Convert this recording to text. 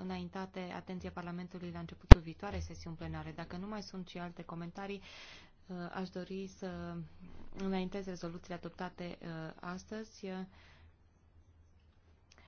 înaintate atenția Parlamentului la începutul viitoarei sesiuni plenare. Dacă nu mai sunt și alte comentarii, uh, aș dori să înaintez rezoluțiile adoptate uh, astăzi.